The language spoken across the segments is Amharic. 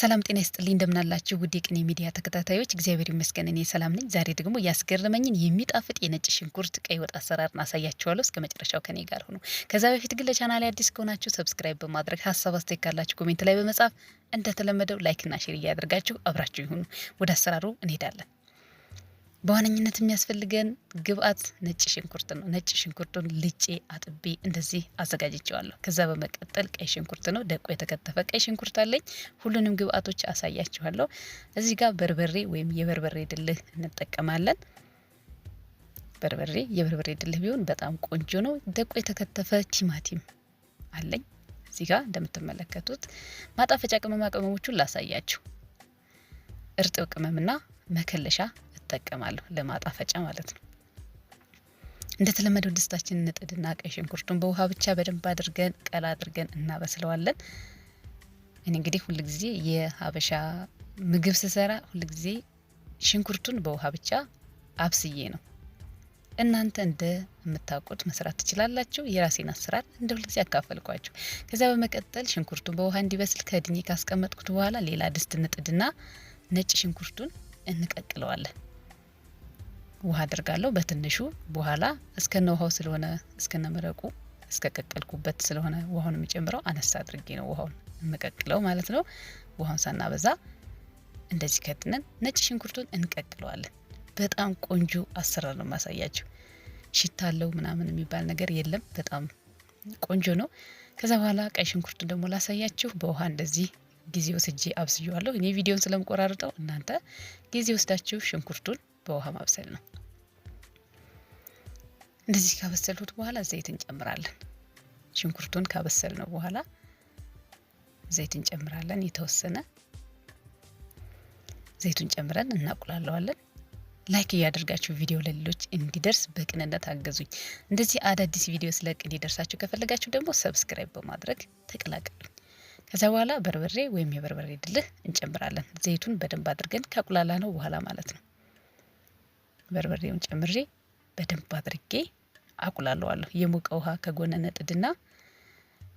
ሰላም ጤና ይስጥልኝ እንደምናላችሁ ውድ የቅኔ ሚዲያ ተከታታዮች፣ እግዚአብሔር ይመስገን እኔ ሰላም ነኝ። ዛሬ ደግሞ ያስገረመኝን የሚጣፍጥ የነጭ ሽንኩርት ቀይ ወጥ አሰራርን አሳያችኋለሁ። እስከ መጨረሻው ከኔ ጋር ሁኑ። ከዛ በፊት ግን ለቻናሌ አዲስ ከሆናችሁ ሰብስክራይብ በማድረግ ሀሳብ አስተያየት ካላችሁ ኮሜንት ላይ በመጻፍ እንደተለመደው ላይክና ሼር እያደርጋችሁ አብራችሁ ይሁኑ። ወደ አሰራሩ እንሄዳለን። በዋነኝነት የሚያስፈልገን ግብአት ነጭ ሽንኩርት ነው። ነጭ ሽንኩርቱን ልጬ አጥቤ እንደዚህ አዘጋጅቸዋለሁ። ከዛ በመቀጠል ቀይ ሽንኩርት ነው፣ ደቆ የተከተፈ ቀይ ሽንኩርት አለኝ። ሁሉንም ግብአቶች አሳያችኋለሁ። እዚህ ጋር በርበሬ ወይም የበርበሬ ድልህ እንጠቀማለን። በርበሬ የበርበሬ ድልህ ቢሆን በጣም ቆንጆ ነው። ደቆ የተከተፈ ቲማቲም አለኝ እዚህ ጋር እንደምትመለከቱት። ማጣፈጫ ቅመማ ቅመሞቹን ላሳያችሁ። እርጥብ ቅመምና መከለሻ እጠቀማለሁ ለማጣፈጫ ማለት ነው። እንደተለመደው ድስታችን እንጥድና ቀይ ሽንኩርቱን በውሃ ብቻ በደንብ አድርገን ቀላ አድርገን እናበስለዋለን። እኔ እንግዲህ ጊዜ የሀበሻ ምግብ ስሰራ ጊዜ ሽንኩርቱን በውሃ ብቻ አብስዬ ነው። እናንተ እንደምታውቁት መስራት ትችላላችሁ። የራሴን አሰራር እንደ ጊዜ አካፈልኳችሁ ከዚያ በመቀጠል ሽንኩርቱን በውሃ እንዲበስል ከድኜ ካስቀመጥኩት በኋላ ሌላ ድስት እንጥድና ነጭ ሽንኩርቱን እንቀቅለዋለን። ውሃ አድርጋለሁ በትንሹ በኋላ እስከነ ውሃው ስለሆነ እስከነ መረቁ እስከቀቀልኩበት ስለሆነ ውሃውን የሚጨምረው አነሳ አድርጌ ነው ውሃውን የምቀቅለው ማለት ነው። ውሃውን ሳናበዛ እንደዚህ ከትነን ነጭ ሽንኩርቱን እንቀቅለዋለን። በጣም ቆንጆ አሰራር ነው ማሳያችሁ። ሽታ አለው ምናምን የሚባል ነገር የለም። በጣም ቆንጆ ነው። ከዛ በኋላ ቀይ ሽንኩርቱን ደግሞ ላሳያችሁ። በውሃ እንደዚህ ጊዜ ወስጄ አብስየዋለሁ። እኔ ቪዲዮን ስለምቆራርጠው እናንተ ጊዜ ወስዳችሁ ሽንኩርቱን በውሃ ማብሰል ነው። እንደዚህ ካበሰሉት በኋላ ዘይት እንጨምራለን። ሽንኩርቱን ካበሰል ነው በኋላ ዘይት እንጨምራለን። የተወሰነ ዘይቱን ጨምረን እናቁላለዋለን። ላይክ እያደርጋችሁ ቪዲዮ ለሌሎች እንዲደርስ በቅንነት አገዙኝ። እንደዚህ አዳዲስ ቪዲዮ ስለቅ እንዲደርሳችሁ ከፈለጋችሁ ደግሞ ሰብስክራይብ በማድረግ ተቀላቀሉኝ። ከዚ በኋላ በርበሬ ወይም የበርበሬ ድልህ እንጨምራለን። ዘይቱን በደንብ አድርገን ካቁላላ ነው በኋላ ማለት ነው። በርበሬውን ጨምሬ በደንብ አድርጌ አቁላለዋለሁ። የሞቀ ውሃ ከጎነ ነጥድና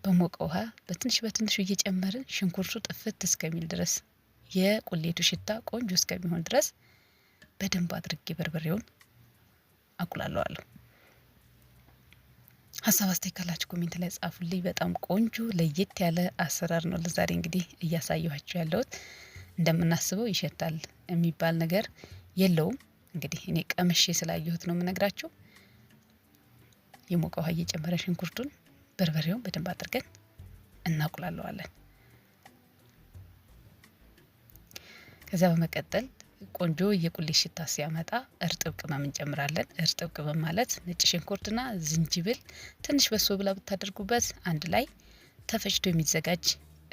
በሞቀ ውሃ በትንሽ በትንሹ እየጨመርን ሽንኩርቱ ጥፍት እስከሚል ድረስ የቁሌቱ ሽታ ቆንጆ እስከሚሆን ድረስ በደንብ አድርጌ በርበሬውን አቁላለዋለሁ። ሀሳብ አስተያየት ካላችሁ ኮሜንት ላይ ጻፉልኝ። በጣም ቆንጆ ለየት ያለ አሰራር ነው ለዛሬ እንግዲህ እያሳየኋቸው ያለሁት። እንደምናስበው ይሸታል የሚባል ነገር የለውም። እንግዲህ እኔ ቀምሼ ስላየሁት ነው የምነግራችሁ። የሞቀ ውሃ እየጨመረ ሽንኩርቱን በርበሬውን በደንብ አድርገን እናቁላለዋለን። ከዚያ በመቀጠል ቆንጆ የቁሌት ሽታ ሲያመጣ እርጥብ ቅመም እንጨምራለን። እርጥብ ቅመም ማለት ነጭ ሽንኩርትና ዝንጅብል ትንሽ በሶ ብላ ብታደርጉበት አንድ ላይ ተፈጭቶ የሚዘጋጅ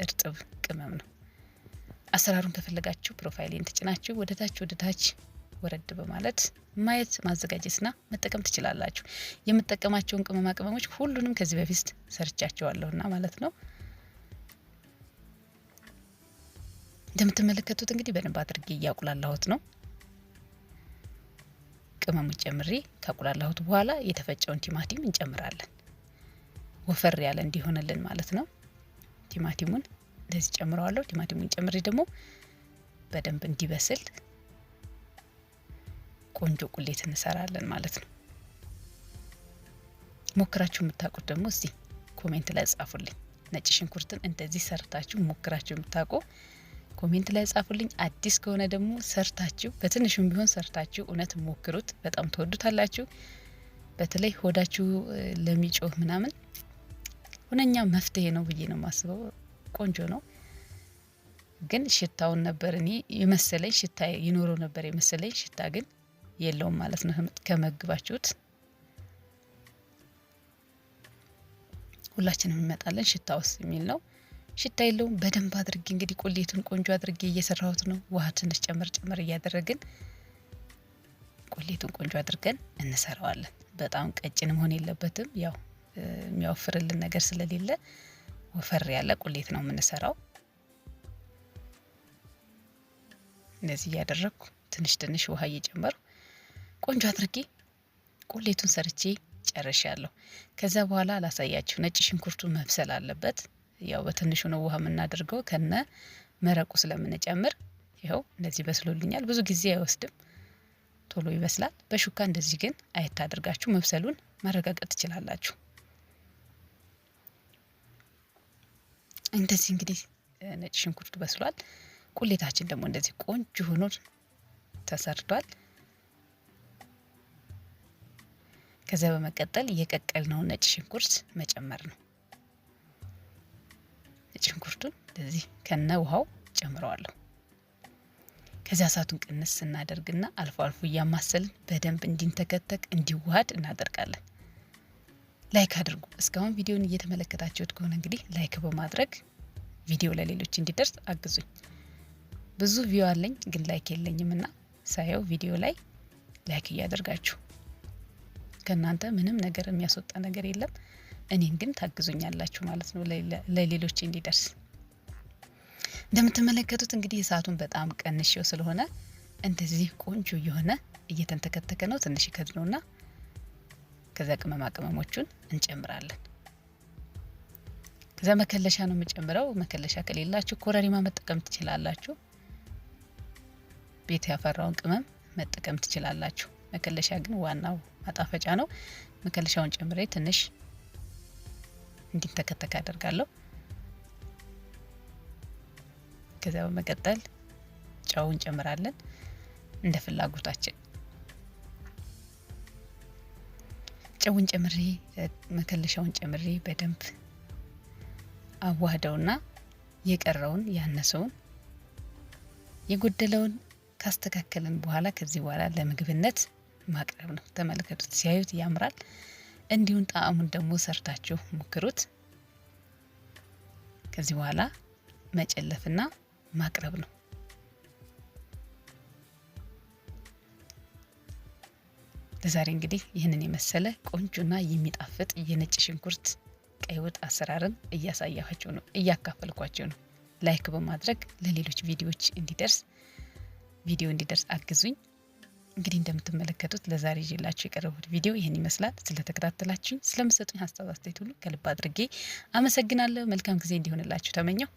እርጥብ ቅመም ነው። አሰራሩን ከፈለጋችሁ ፕሮፋይሌን ተጭናችሁ ወደታች ወደታች ወረድ በማለት ማየት ማዘጋጀትና መጠቀም ትችላላችሁ። የምጠቀማቸውን ቅመማ ቅመሞች ሁሉንም ከዚህ በፊት ሰርቻቸዋለሁና ማለት ነው። እንደምትመለከቱት እንግዲህ በደንብ አድርጌ እያቁላላሁት ነው። ቅመሙን ጨምሬ ካቁላላሁት በኋላ የተፈጨውን ቲማቲም እንጨምራለን። ወፈር ያለ እንዲሆንልን ማለት ነው። ቲማቲሙን እንደዚህ ጨምረዋለሁ። ቲማቲሙን ጨምሬ ደግሞ በደንብ እንዲበስል ቆንጆ ቁሌት እንሰራለን ማለት ነው። ሞክራችሁ የምታውቁት ደግሞ እስቲ ኮሜንት ላይ ጻፉልኝ። ነጭ ሽንኩርትን እንደዚህ ሰርታችሁ ሞክራችሁ የምታውቁ ኮሜንት ላይ ጻፉልኝ። አዲስ ከሆነ ደግሞ ሰርታችሁ በትንሹም ቢሆን ሰርታችሁ እውነት ሞክሩት፣ በጣም ትወዱታላችሁ። በተለይ ሆዳችሁ ለሚጮህ ምናምን ሁነኛ መፍትሄ ነው ብዬ ነው የማስበው። ቆንጆ ነው። ግን ሽታውን ነበር እኔ የመሰለኝ ሽታ ይኖረው ነበር የመሰለኝ ሽታ ግን የለውም ማለት ነው ከመግባችሁት። ሁላችንም ይመጣለን። ውስጥ የሚል ነው። ሽታ የለውም። በደንብ አድርጌ እንግዲህ ቁሌቱን ቆንጆ አድርጌ እየሰራሁት ነው። ውሃ ትንሽ ጨምር ጨምር እያደረግን ቁሌቱን ቆንጆ አድርገን እንሰራዋለን። በጣም ቀጭን መሆን የለበትም። ያው የሚያወፍርልን ነገር ስለሌለ ወፈር ያለ ቁሌት ነው የምንሰራው። እንደዚህ እያደረግኩ ትንሽ ትንሽ ውሃ እየጨመርኩ ቆንጆ አድርጌ ቁሌቱን ሰርቼ ጨርሻለሁ። ከዛ በኋላ አላሳያችሁ። ነጭ ሽንኩርቱ መብሰል አለበት። ያው በትንሹ ነው ውሃ የምናደርገው ከነ መረቁ ስለምንጨምር። ይኸው እንደዚህ በስሎልኛል። ብዙ ጊዜ አይወስድም፣ ቶሎ ይበስላል። በሹካ እንደዚህ ግን አየት አድርጋችሁ መብሰሉን ማረጋገጥ ትችላላችሁ። እንደዚህ እንግዲህ ነጭ ሽንኩርቱ በስሏል። ቁሌታችን ደግሞ እንደዚህ ቆንጆ ሆኖ ተሰርቷል። ከዚያ በመቀጠል እየቀቀል ነው ነጭ ሽንኩርት መጨመር ነው። ነጭ ሽንኩርቱን እንደዚህ ከነ ውሃው ጨምረዋለሁ። ከዚያ እሳቱን ቅንስ እናደርግና አልፎ አልፎ እያማሰልን በደንብ እንዲንተከተክ እንዲዋሃድ እናደርጋለን። ላይክ አድርጉ። እስካሁን ቪዲዮን እየተመለከታችሁት ከሆነ እንግዲህ ላይክ በማድረግ ቪዲዮ ለሌሎች እንዲደርስ አግዙኝ። ብዙ ቪው አለኝ ግን ላይክ የለኝም እና ሳየው ቪዲዮ ላይ ላይክ እያደርጋችሁ ከእናንተ ምንም ነገር የሚያስወጣ ነገር የለም። እኔን ግን ታግዙኛላችሁ ማለት ነው ለሌሎች እንዲደርስ። እንደምትመለከቱት እንግዲህ የሰዓቱን በጣም ቀንሽው ስለሆነ እንደዚህ ቆንጆ የሆነ እየተንተከተከ ነው። ትንሽ ነው ነውና ከዛ ቅመማ ቅመሞቹን እንጨምራለን። ከዛ መከለሻ ነው የምጨምረው። መከለሻ ከሌላችሁ ኮረሪማ መጠቀም ትችላላችሁ። ቤት ያፈራውን ቅመም መጠቀም ትችላላችሁ። መከለሻ ግን ዋናው ማጣፈጫ ነው። መከለሻውን ጨምሬ ትንሽ እንዲንተከተክ አደርጋለሁ። ከዚያ በመቀጠል ጨው እንጨምራለን እንደ ፍላጎታችን። ጨውን ጨምሬ መከለሻውን ጨምሬ በደንብ አዋህደውና የቀረውን ያነሰውን የጎደለውን ካስተካከልን በኋላ ከዚህ በኋላ ለምግብነት ማቅረብ ነው። ተመልከቱት፣ ሲያዩት ያምራል። እንዲሁም ጣዕሙን ደግሞ ሰርታችሁ ሞክሩት። ከዚህ በኋላ መጨለፍና ማቅረብ ነው። ለዛሬ እንግዲህ ይህንን የመሰለ ቆንጆና የሚጣፍጥ የነጭ ሽንኩርት ቀይ ወጥ አሰራርን እያሳያኋቸው ነው እያካፈልኳቸው ነው። ላይክ በማድረግ ለሌሎች ቪዲዮዎች እንዲደርስ ቪዲዮ እንዲደርስ አግዙኝ። እንግዲህ እንደምትመለከቱት ለዛሬ ይዤላችሁ የቀረቡት ቪዲዮ ይህን ይመስላል። ስለተከታተላችሁኝ፣ ስለምሰጡኝ ሀሳብ አስተያየት ሁሉ ከልብ አድርጌ አመሰግናለሁ። መልካም ጊዜ እንዲሆንላችሁ ተመኘው።